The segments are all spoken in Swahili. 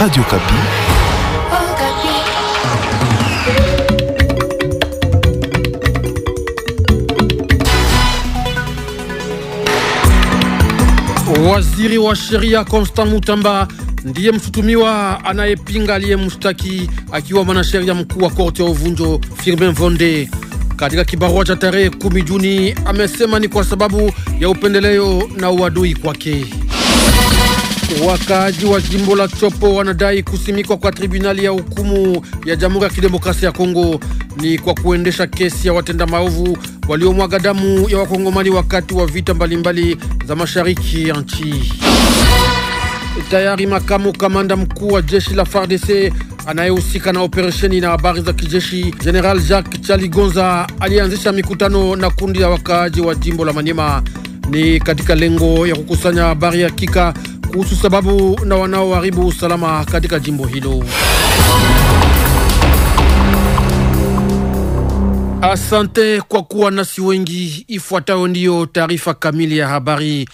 Radio Kapi. Waziri wa sheria Constant Mutamba ndiye mshutumiwa anayepinga aliyemshtaki akiwa mwanasheria mkuu wa korti ya uvunjo Firmin Vonde. Katika kibarua cha tarehe 10 Juni amesema ni kwa sababu ya upendeleo na uadui kwake. Wakaaji wa jimbo la Chopo wanadai kusimikwa kwa tribunali ya hukumu ya Jamhuri ya Kidemokrasia ya Kongo ni kwa kuendesha kesi ya watenda maovu waliomwaga damu ya wakongomani wakati wa vita mbalimbali za mashariki ya nchi. Tayari makamu kamanda mkuu wa jeshi la FARDC anayehusika na operesheni na habari za kijeshi General Jacques Chaligonza alianzisha mikutano na kundi la wakaaji wa jimbo la Manyema, ni katika lengo ya kukusanya habari hakika kuhusu sababu na wanaoharibu usalama katika jimbo hilo. Asante kwa kuwa nasi wengi. Ifuatayo ndiyo taarifa kamili ya habari.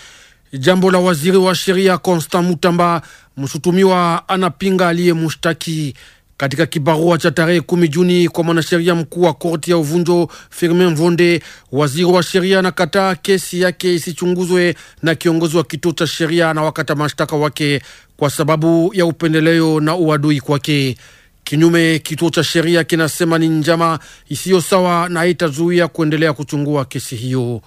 Jambo la waziri wa sheria Constant Mutamba, mshutumiwa anapinga aliyemshtaki. Katika kibarua cha tarehe kumi Juni kwa mwanasheria mkuu wa korti ya uvunjo Firmin Mvonde, waziri wa sheria anakataa kesi yake isichunguzwe na kiongozi wa kituo cha sheria na wakata mashtaka wake kwa sababu ya upendeleo na uadui kwake. Kinyume, kituo cha sheria kinasema ni njama isiyo sawa na haitazuia kuendelea kuchungua kesi hiyo.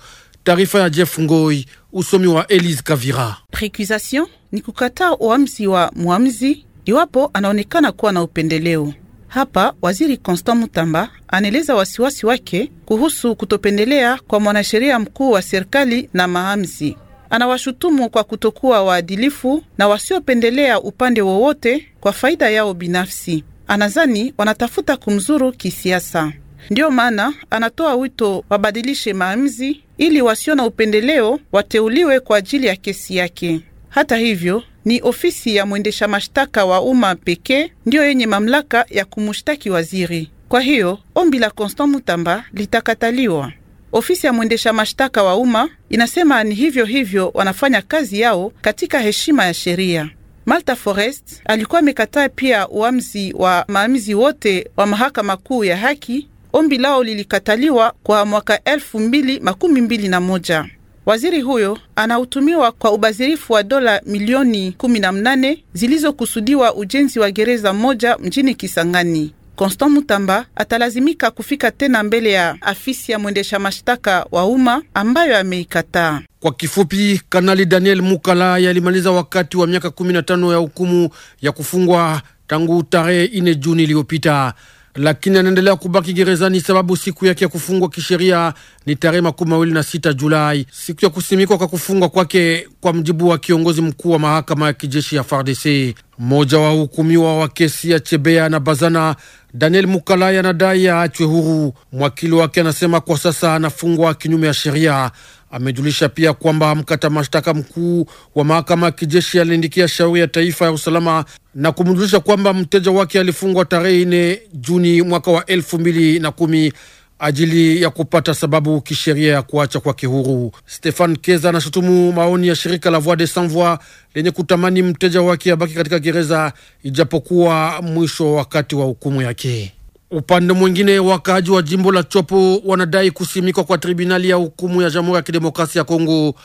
Taarifa ya Jeff Ngoi, usomi wa Elise Kavira. Precusation ni kukataa uamzi wa mwamzi iwapo anaonekana kuwa na upendeleo. Hapa waziri Constant Mutamba anaeleza wasiwasi wake kuhusu kutopendelea kwa mwanasheria mkuu wa serikali na maamzi Anawashutumu kwa kutokuwa waadilifu na wasiopendelea upande wowote kwa faida yao binafsi. Anazani wanatafuta kumzuru kisiasa. Ndiyo maana anatoa wito wabadilishe maamzi ili wasio na upendeleo wateuliwe kwa ajili ya kesi yake. Hata hivyo, ni ofisi ya mwendesha mashtaka wa umma pekee ndiyo yenye mamlaka ya kumshtaki waziri. Kwa hiyo ombi la Constant Mutamba litakataliwa. Ofisi ya mwendesha mashtaka wa umma inasema ni hivyo hivyo wanafanya kazi yao katika heshima ya sheria. Malta Forest alikuwa amekataa pia uamuzi wa maamizi wote wa mahakama kuu ya haki. Ombi lao lilikataliwa kwa mwaka elfu mbili makumi mbili na moja. Waziri huyo anautumiwa kwa ubadhirifu wa dola milioni 18 zilizokusudiwa ujenzi wa gereza moja mjini Kisangani. Constant Mutamba atalazimika kufika tena mbele ya afisi ya mwendesha mashtaka wa umma ambayo ameikataa. Kwa kifupi, Kanali Daniel Mukala yalimaliza wakati wa miaka 15 ya hukumu ya kufungwa tangu tarehe 4 Juni iliyopita lakini anaendelea kubaki gerezani sababu siku yake ya kufungwa kisheria ni tarehe makumi mawili na sita Julai, siku ya kusimikwa kwa kufungwa kwake, kwa mjibu wa kiongozi mkuu wa mahakama ya kijeshi ya FARDC. Mmoja wa hukumiwa wa kesi ya Chebea na Bazana, Daniel Mukalai, anadai aachwe huru. Mwakili wake anasema kwa sasa anafungwa kinyume ya sheria. Amejulisha pia kwamba mkata mashtaka mkuu wa mahakama ya kijeshi aliandikia shauri ya taifa ya usalama na kumjulisha kwamba mteja wake alifungwa tarehe nne Juni mwaka wa elfu mbili na kumi ajili ya kupata sababu kisheria ya kuacha kwake huru. Stefan Keza anashutumu maoni ya shirika la Voix des Sans Voix lenye kutamani mteja wake abaki katika gereza ijapokuwa mwisho wakati wa hukumu yake. Upande mwingine wakaaji wa jimbo la Chopo wanadai kusimikwa kwa tribunali ya hukumu ya Jamhuri ya Kidemokrasia ya Kongo,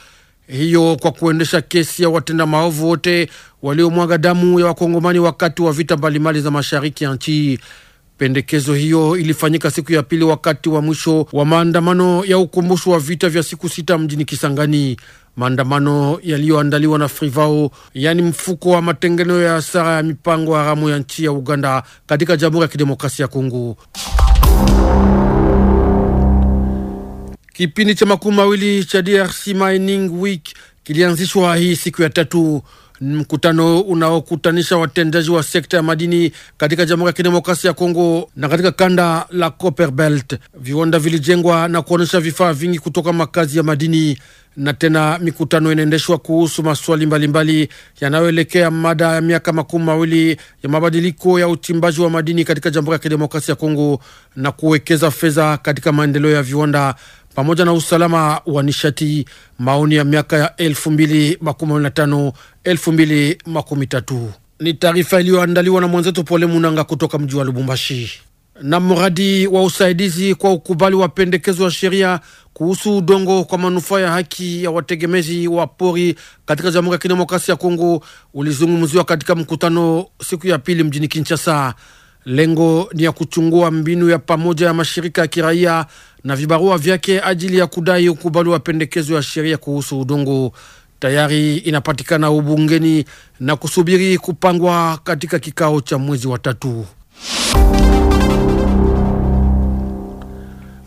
hiyo kwa kuendesha kesi ya watenda maovu wote waliomwaga damu ya Wakongomani wakati wa vita mbalimbali za mashariki ya nchi. Pendekezo hiyo ilifanyika siku ya pili wakati wa mwisho wa maandamano ya ukumbusho wa vita vya siku sita mjini Kisangani. Maandamano yaliyoandaliwa na Frivao, yaani mfuko wa matengeneo ya hasara ya mipango haramu ya nchi ya Uganda katika Jamhuri ya Kidemokrasia ya Kongo. Kipindi cha makumi mawili cha DRC Mining Week kilianzishwa hii siku ya tatu mkutano unaokutanisha watendaji wa sekta ya madini katika Jamhuri ya Kidemokrasia ya Kongo na katika kanda la Copperbelt. Viwanda vilijengwa na kuonyesha vifaa vingi kutoka makazi ya madini, na tena mikutano inaendeshwa kuhusu maswali mbalimbali yanayoelekea mada ya miaka makumi mawili ya mabadiliko ya uchimbaji wa madini katika Jamhuri ya Kidemokrasia ya Kongo na kuwekeza fedha katika maendeleo ya viwanda pamoja na usalama wa nishati, maoni ya miaka ya 2015 2013. Ni taarifa iliyoandaliwa na mwenzetu Pole Munanga kutoka mji wa Lubumbashi. Na mradi wa usaidizi kwa ukubali wa pendekezo ya sheria kuhusu udongo kwa manufaa ya haki ya wategemezi wa pori katika Jamhuri ya Kidemokrasia ya Kongo ulizungumziwa katika mkutano siku ya pili mjini Kinshasa. Lengo ni ya kuchungua mbinu ya pamoja ya mashirika ya kiraia na vibarua vyake ajili ya kudai ukubali wa pendekezo ya sheria kuhusu udongo. Tayari inapatikana ubungeni na kusubiri kupangwa katika kikao cha mwezi wa tatu.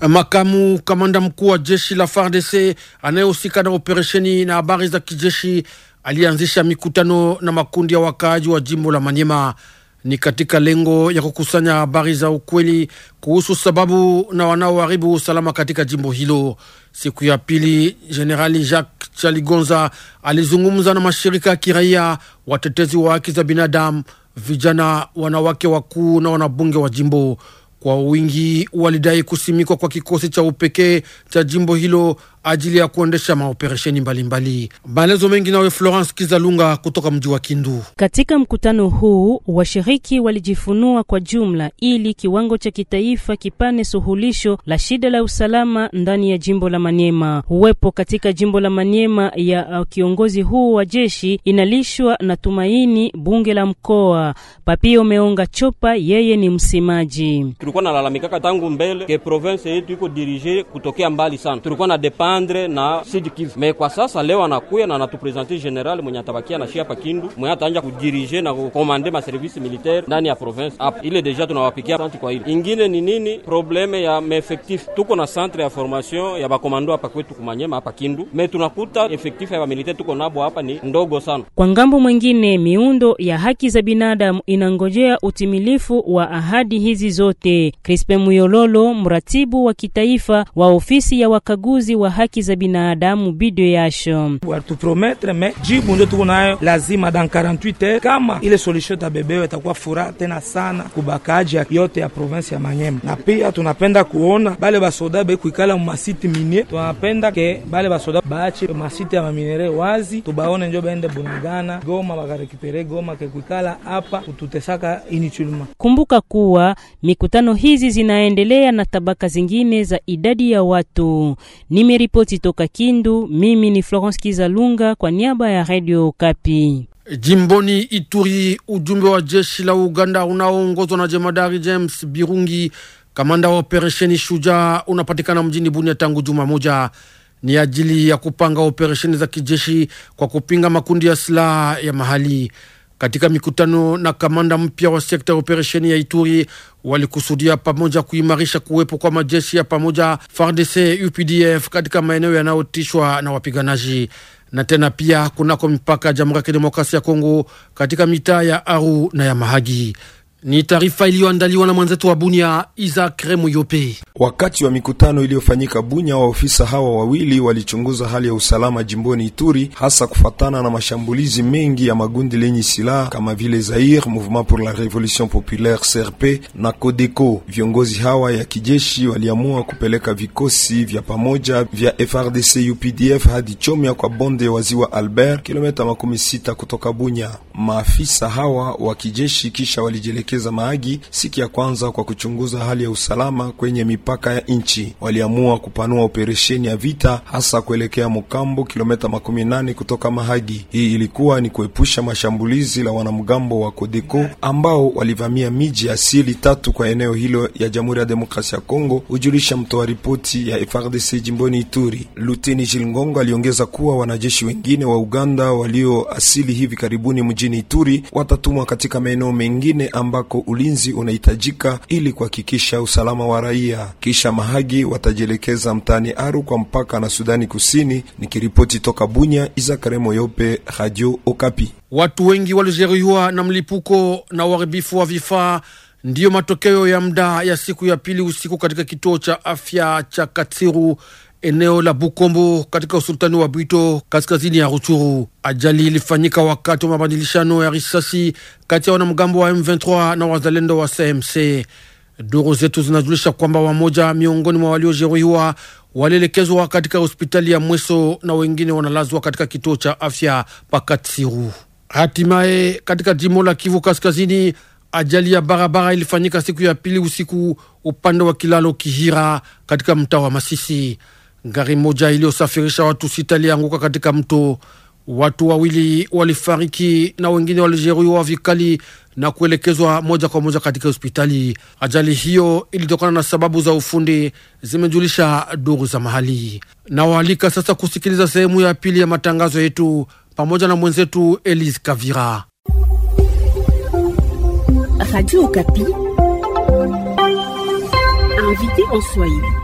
Makamu kamanda mkuu wa jeshi la FARDC anayehusika na operesheni na habari za kijeshi alianzisha mikutano na makundi ya wakaaji wa jimbo la Manyema ni katika lengo ya kukusanya habari za ukweli kuhusu sababu na wanaoharibu usalama katika jimbo hilo. Siku ya pili, Jenerali Jacques Chaligonza alizungumza na mashirika ya kiraia, watetezi wa haki za binadamu, vijana, wanawake wakuu na wanabunge wa jimbo kwa wingi walidai kusimikwa kwa kikosi cha upekee cha jimbo hilo ajili ya kuendesha maoperesheni mbalimbali. Maelezo mengi nawe Florence Kizalunga kutoka mji wa Kindu. Katika mkutano huu washiriki walijifunua kwa jumla ili kiwango cha kitaifa kipane suluhisho la shida la usalama ndani ya jimbo la Maniema. Uwepo katika jimbo la Maniema ya uh, kiongozi huu wa jeshi inalishwa na tumaini bunge la mkoa. Papio Meonga Chopa yeye ni msemaji tulikuwa nalalamikaka tangu mbele ke province yetu iko dirige kutokea mbali sana, tulikuwa na dependre na Sud Kivu. Me kwa sasa leo anakuya na natupresente general mwenye atabakia na shia pakindu mwenye ataanja kudirige na kukomande maservisi militaire ndani ya province hapa. Ile deja tunawapikia santi kwa ile ingine. Ni nini probleme ya maefektif? Tuko na centre ya formation ya bakomando hapa kwetu kumanyema hapa Kindu, me tunakuta efektif ya bamilitaire tuko nabo hapa ni ndogo sana. Kwa ngambo mwingine, miundo ya haki za binadamu inangojea utimilifu wa ahadi hizi zote wote. Crispe Muyololo, mratibu wa kitaifa wa ofisi ya wakaguzi wa haki za binadamu BDH: watuprometre me jibu ndio tuko nayo lazima dan 48 heures, kama ile solution tabebewe itakuwa furaha tena sana kubakaji yote ya province ya Manyema, na pia tunapenda kuona bale basoda be kuikala mu mumasiti minye, tunapenda ke bale basoda baache masiti ya maminere wazi, tubaone njo baende Bunagana Goma bakarekipere Goma ke kuikala hapa kututesaka inichuluma. Kumbuka kuwa mikutano Mapambano hizi zinaendelea na tabaka zingine za idadi ya watu. Nimeripoti toka Kindu, mimi ni Florence Kizalunga kwa niaba ya Radio Kapi. Jimboni Ituri, ujumbe wa jeshi la Uganda unaoongozwa na jemadari James Birungi, kamanda wa operesheni Shujaa, unapatikana mjini Bunia tangu juma moja ni ajili ya kupanga operesheni za kijeshi kwa kupinga makundi ya silaha ya mahali. Katika mikutano na kamanda mpya wa sekta ya operesheni ya Ituri walikusudia pamoja kuimarisha kuwepo kwa majeshi ya pamoja FARDC UPDF katika maeneo yanayotishwa na wapiganaji na tena pia kunako mipaka ya Jamhuri ya Kidemokrasia ya Kongo katika mitaa ya Aru na ya Mahagi. Ni taarifa iliyoandaliwa na mwenzetu wa Bunya Isaac Remuyope. Wakati wa mikutano iliyofanyika Bunya, waofisa hawa wawili walichunguza hali ya usalama jimboni Ituri, hasa kufatana na mashambulizi mengi ya magundi lenye silaha kama vile Zair, Mouvement pour la Revolution Populaire CRP na Codeco. Viongozi hawa ya kijeshi waliamua kupeleka vikosi vya pamoja vya FRDC UPDF hadi Chomya kwa bonde wa ziwa Albert, kilomita makumi sita kutoka Bunya. Maafisa hawa wa kijeshi kisha walijelekea kushinikiza maagi siku ya kwanza kwa kuchunguza hali ya usalama kwenye mipaka ya nchi. Waliamua kupanua operesheni ya vita hasa kuelekea Mukambo, kilomita makumi nane kutoka Mahagi. Hii ilikuwa ni kuepusha mashambulizi la wanamgambo wa Kodeko ambao walivamia miji asili tatu kwa eneo hilo ya Jamhuri ya Demokrasia ya Kongo, hujulisha mtoa ripoti ya FRDC jimboni Ituri. Luteni Jilngongo aliongeza kuwa wanajeshi wengine wa Uganda walioasili hivi karibuni mjini Ituri watatumwa katika maeneo mengine ambako ambako ulinzi unahitajika ili kuhakikisha usalama wa raia. Kisha Mahagi watajielekeza mtaani Aru kwa mpaka na Sudani Kusini. Nikiripoti toka Bunya, izakare moyope Radio Okapi. Watu wengi walijeruhiwa na mlipuko na uharibifu wa vifaa ndiyo matokeo ya muda ya siku ya pili usiku katika kituo cha afya cha Katsiru eneo la Bukombo katika usultani wa Bwito kaskazini ya Ruchuru. Ajali ilifanyika wakati wa mabadilishano ya risasi kati ya wanamgambo wa M23 na wazalendo wa CMC. Duru zetu zinajulisha kwamba wamoja miongoni mwa waliojeruhiwa walielekezwa katika hospitali ya Mweso na wengine wanalazwa katika kituo cha afya Pakatsiru. Hatimaye, katika jimbo la Kivu Kaskazini, ajali ya barabara ilifanyika siku ya pili usiku upande wa kilalo Kihira katika mtaa wa Masisi. Gari moja iliyosafirisha watu sita ilianguka katika mto. Watu wawili walifariki na wengine walijeruhiwa vikali na kuelekezwa moja kwa moja katika hospitali. Ajali hiyo ilitokana na sababu za ufundi, zimejulisha duru za mahali. Nawaalika sasa kusikiliza sehemu ya pili ya matangazo yetu pamoja na mwenzetu Elise Kavira. Radio Okapi, invité en Swahili.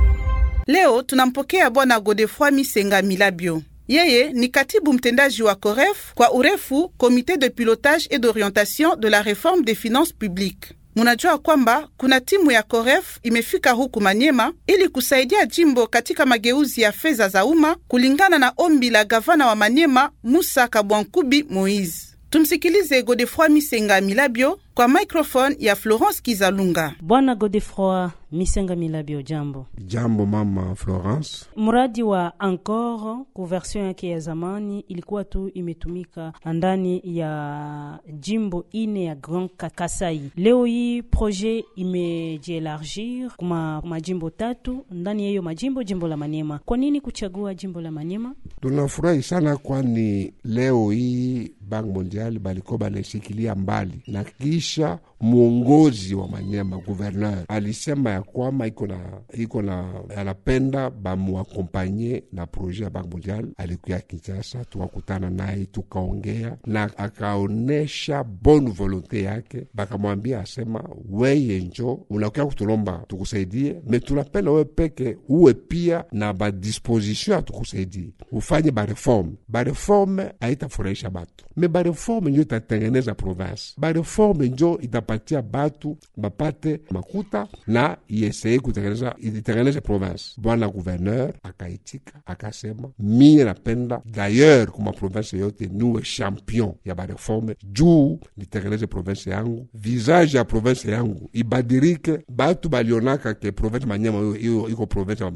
Leo tunampokea Bwana Godefroi Misenga Milabio. Yeye ni katibu mtendaji wa COREF kwa urefu, Comité de pilotage et d'orientation de la réforme des finances publiques. Munajua kwamba kuna timu ya COREF imefika huku Manyema ili kusaidia jimbo katika mageuzi ya fedha za umma kulingana na ombi la gavana wa Manyema Musa Kabwankubi Moize. Tumsikilize Godefroi Misenga Milabio kwa microphone ya Florence Kizalunga. Bwana Godefroy Misenga milabi jambo. Jambo mama Florence. Mradi wa Encore ku version yake ya zamani ilikuwa tu imetumika ndani ya jimbo ine ya Grand Kasai. Leo hii projet imejielargir kuma majimbo tatu ndani yeyo majimbo jimbo la manema Kwa nini kuchagua jimbo la manema Tunafurahi sana kwani leo hii Bank Mondial na banashikilia mbali na kisha Aisha muongozi wa Manyema guverneur alisema ya kwama iko na iko na anapenda bamuakompanye na proje ya Bank Mondial. Alikuya Kinshasa, tukakutana naye tukaongea na akaonesha bonne volonté yake, bakamwambia asema, weye njo unakuya kutulomba tukusaidie, me tunapenda wewe peke uwe pia na badisposition ya tukusaidie ufanye bareforme. Bareforme haitafurahisha batu, me bareforme njo itatengeneza province, bareforme njo ita kupatia batu bapate makuta na iesei kutengeneza itengeneze province. Bwana gouverneur akaitika akasema, mie napenda dayer kuma province yote niwe champion ya bareforme juu nitengeneze province yangu, visage ya province yangu ibadirike. Batu balionaka ke province Manyema iko province ya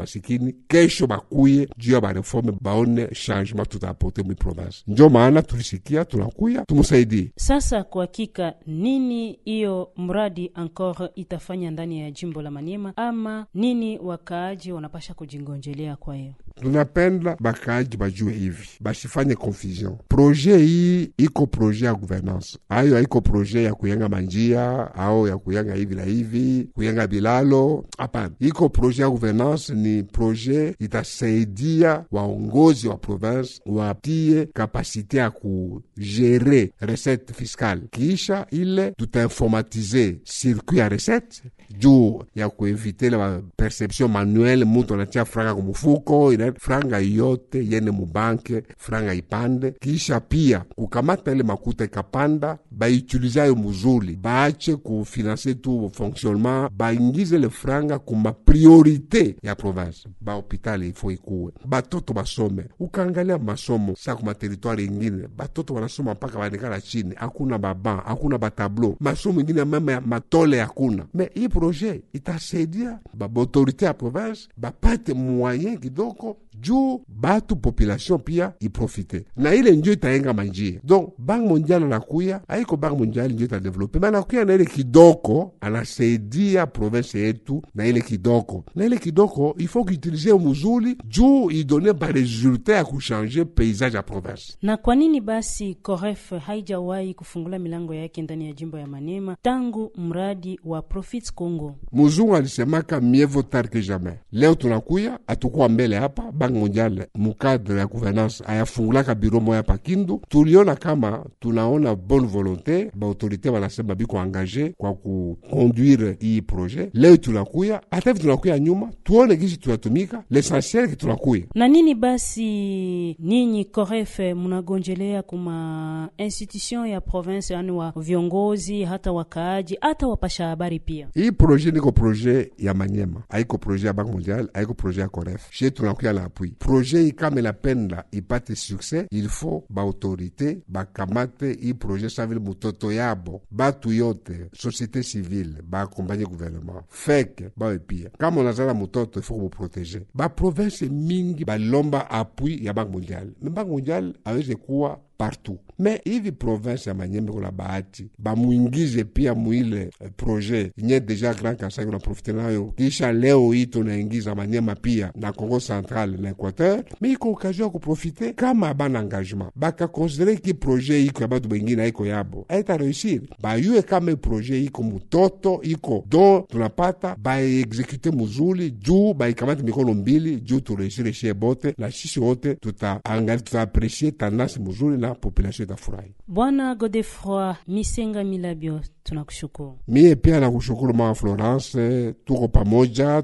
kesho bakuye juu ya bareforme baone changement tutapote mu province. Njo maana tulisikia tunakuya tumusaidie. Sasa kwa hakika nini hiyo mradi encore itafanya ndani ya jimbo la Maniema ama nini? Wakaaji wanapasha kujingonjelea. Kwa hiyo tunapenda bakaaji bajue hivi, basifanye confusion. Proje hii iko proje ya governance, ayo haiko proje ya kuyenga manjia au ya kuyenga hivi na hivi, kuyenga bilalo. Hapana, iko proje ya governance, ni proje itasaidia waongozi wa province watie kapasite ya kujere recette fiscale, kisha ile tutainforma automatisé circuit à recette juu ya kuevitele maperception manuel, mutu anatia franga kumufuko, ina franga yote yene mubanke, franga ipande. Kisha pia kukamata ile makuta ikapanda, baitulizayo muzuli, baache kufinanse tu fonctionnement, baingize le franga kuma priorite ya province, bahopitali ifo ikuwe, batoto basome. Ukaangalia masomo sa kuma teritwari ingine, batoto banasoma mpaka banekala chini, hakuna baba, hakuna batablo, masomo ingine meme ya matole hakuna me projet itasaidi ba autorité ya province bapate moyen kidogo juu batu population pia iprofite na ile njo itayenga manjia. Donc bang mondial anakuya, aiko bank mondial njo itadevelope ma nakuya na ile kidoko, anasaidia province yetu na ile kidoko, na ile kidoko ifo kuutilize muzuli juu idone baresulta ya kushanje paysage ya province. Na kwa nini basi Coref haijawahi kufungula milango yake ndani ya jimbo ya Manema tangu mradi wa Profit Congo? Muzungu alisemaka mieux vaut tard que jamais. Leo tunakuya atukuwa mbele hapa Bank Mondial mukadre ya gouvernance ayafungulaka ka biro moya pa Kindu, tuliona kama tunaona bonne volonté baautorité banasema biko angaje kwa kukonduire iyi projet. Leo tunakuya hata vi tunakuya nyuma tuone gishi tunatumika, l'essentiel ki tunakuya na nini. Basi ninyi korefe munagonjelea kuma institution ya province, yani wa viongozi hata wakaaji hata wapasha habari pia. Iyi projet niko projet ya Manyema, aiko projet ya Bank Mondial, haiko projet ya korefe she tunakuya na appui. Projet là, kame pas de succès, il faut ba autorité, ba kamate i projet savile mutoto yabo, batu yote société civile ba accompagner gouvernement feke bawe pia. Kama unaza na mutoto protéger. Ba province mingi lomba appui ya Banque mondiale, Mais Banque mondiale aweze quoi? partout me hivi province ya Manyembe kuna bahati bamwingize pia mwile eh, proje nye deja Grand Kasai kuna nayo kisha leo hii tunaingiza Manyema pia na Congo Central na Equateur, me iko okazion ya kuprofite kama bana engagement bakakonsidere ki proje iko ya batu bengine aiko yabo aita reusir bayue kama e proje iko mutoto iko do tunapata baexekute muzuli juu baikamata mikono mbili juu tureusire shie bote na sisi wote tutaangali tutaapresie tandansi muzuli na population tutafurahi. Bwana Godefroy Misenga Milabio, tunakushukuru. Mie pia nakushukuru mama Florence, tuko pamoja.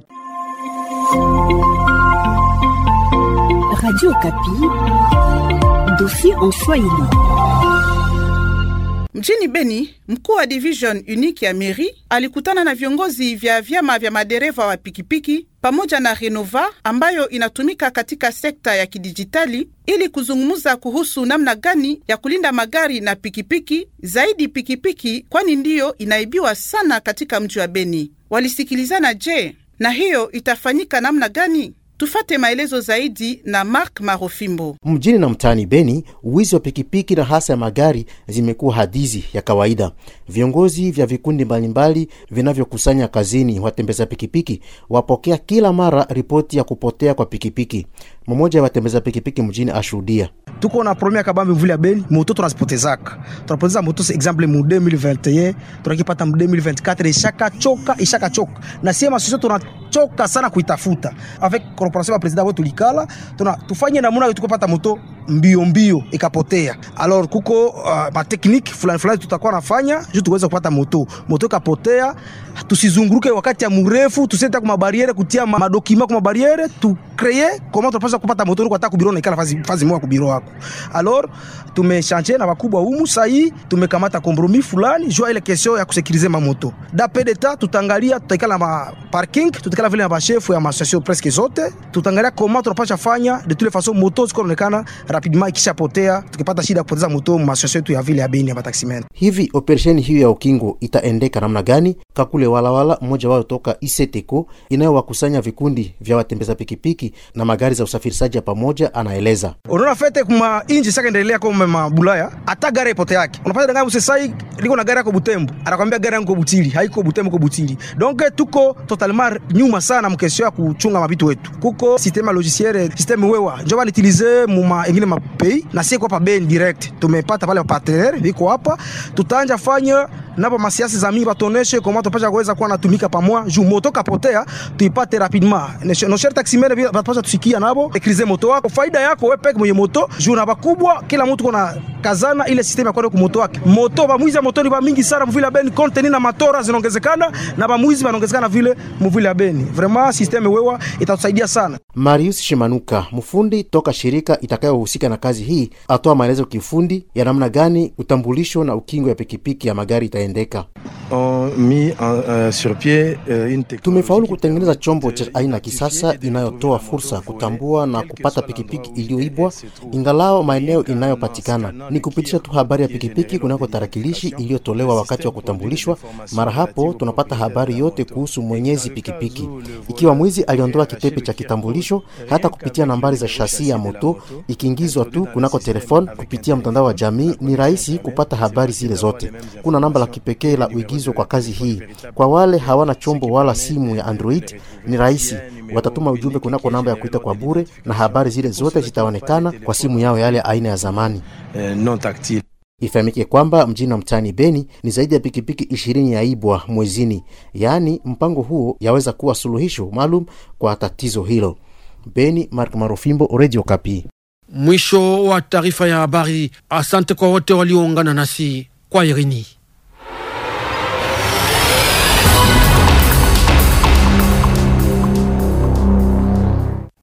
Radio Kapi, dossier en Swahili. Mjini Beni, mkuu wa division unique ya meri alikutana na viongozi vya vyama vya madereva wa pikipiki pamoja na Renova ambayo inatumika katika sekta ya kidijitali ili kuzungumza kuhusu namna gani ya kulinda magari na pikipiki, zaidi pikipiki, kwani ndiyo inaibiwa sana katika mji wa Beni. Walisikilizana je, na hiyo itafanyika namna gani? Tufate maelezo zaidi na Mark Marofimbo. Mjini na mtaani Beni, wizi wa pikipiki na hasa ya magari zimekuwa hadizi ya kawaida. Viongozi vya vikundi mbalimbali vinavyokusanya kazini watembeza pikipiki wapokea kila mara ripoti ya kupotea kwa pikipiki. Mmoja ya watembeza pikipiki mjini ashuhudia: tuko na promia kabambi ya Beni moto tunazipotezaka, tunapoteza moto se example mu 2021 tunakipata mu 2024 ishakachoka, ishakachoka na sema sisi tunachoka sana kuitafuta avec proponation ba wetu likala tuna tufanye namuna yote kupata moto mbio mbio ikapotea. Alors kuko uh, ma technique fulani fulani tutakuwa nafanya juu tuweze kupata moto moto ikapotea, tusizunguruke wakati ya mrefu, tusiende kwa mabariere kutia madokima kwa mabariere tu créer comment tunapaswa kupata moto kwa hata kubiro na ikala fazi fazi moja kubiro wako. Alors tumechange na wakubwa humu sahi, tumekamata compromis fulani juu ile kesho ya kusekirize mamoto. D'après d'etat tutaangalia, tutaikala ma parking, tutaikala vile na bashefu ya association presque zote tutaangalia koma tunapasha fanya de toute façon moto zikoonekana rapidement ikishapotea, tukipata shida kupoteza moto masosio yetu ya vile ya Beni ya mataksimen. Hivi operesheni hiyo ya ukingo itaendeka namna gani? Kakule walawala mmoja wao toka Iseteko inayowakusanya vikundi vya watembeza pikipiki na magari za usafirishaji ya pamoja, anaeleza unaona fete kuma inji saka endelea kwa Bulaya, hata gari ipote yake unapata dangaa msesai liko na gari yako Butembo, anakwambia gari yangu Butili haiko Butembo, ko Butili donc tuko totalement nyuma sana mkesio ya kuchunga mabitu wetu kuko sistema logiciel sistema wewa njo walitilize muma ingine mapei na sie kwa ben direct. Tumepata pale partenaire viko hapa, tutanja fanya napo masiasi za mingi batoneshe koma tupasha kuweza kuwa natumika pamoja, juu moto kapotea tuipate rapidement. Nosher taximere batapasha tusikia nabo ekrize moto wako faida yako wewe peke mwenye moto juu na bakubwa, kila mtu kona kazana ile system ya kwenda kumoto wake moto bamwizi moto ni bamingi sana mvile ben content na matora zinaongezekana na bamwizi banaongezekana vile mvile beni. Vraiment system wewa itatusaidia sana. Marius Shimanuka, mfundi toka shirika itakayohusika na kazi hii, atoa maelezo kiufundi ya namna gani utambulisho na ukingo ya pikipiki ya magari itaendeka. Oh, uh, uh, uh, Tumefaulu kutengeneza chombo cha aina kisasa inayotoa fursa kutambua na kupata pikipiki iliyoibwa ingalao maeneo inayopatikana. Ni kupitisha tu habari ya pikipiki kunako tarakilishi iliyotolewa wakati wa kutambulishwa. Mara hapo tunapata habari yote kuhusu mwenyezi pikipiki. Ikiwa mwizi aliondoa kitepe cha kitambulisho hata kupitia nambari za shasi ya moto, ikiingizwa tu kunako telefon kupitia mtandao wa jamii, ni rahisi kupata habari zile zote. Kuna namba la kipekee la uigizwa kwa kazi hii. Kwa wale hawana chombo wala simu ya Android, ni rahisi watatuma ujumbe kunako namba ya kuita kwa bure, na habari zile zote zitaonekana kwa simu yao yale aina ya zamani eh, non tactile. Ifahamike kwamba mjini wa mtaani Beni ni zaidi ya pikipiki ishirini ya ibwa mwezini, yaani mpango huo yaweza kuwa suluhisho maalum kwa tatizo hilo. Beni, Mark Marofimbo, Radio Kapi. Mwisho wa taarifa ya habari. Asante kwa wote walioungana nasi kwa Irini.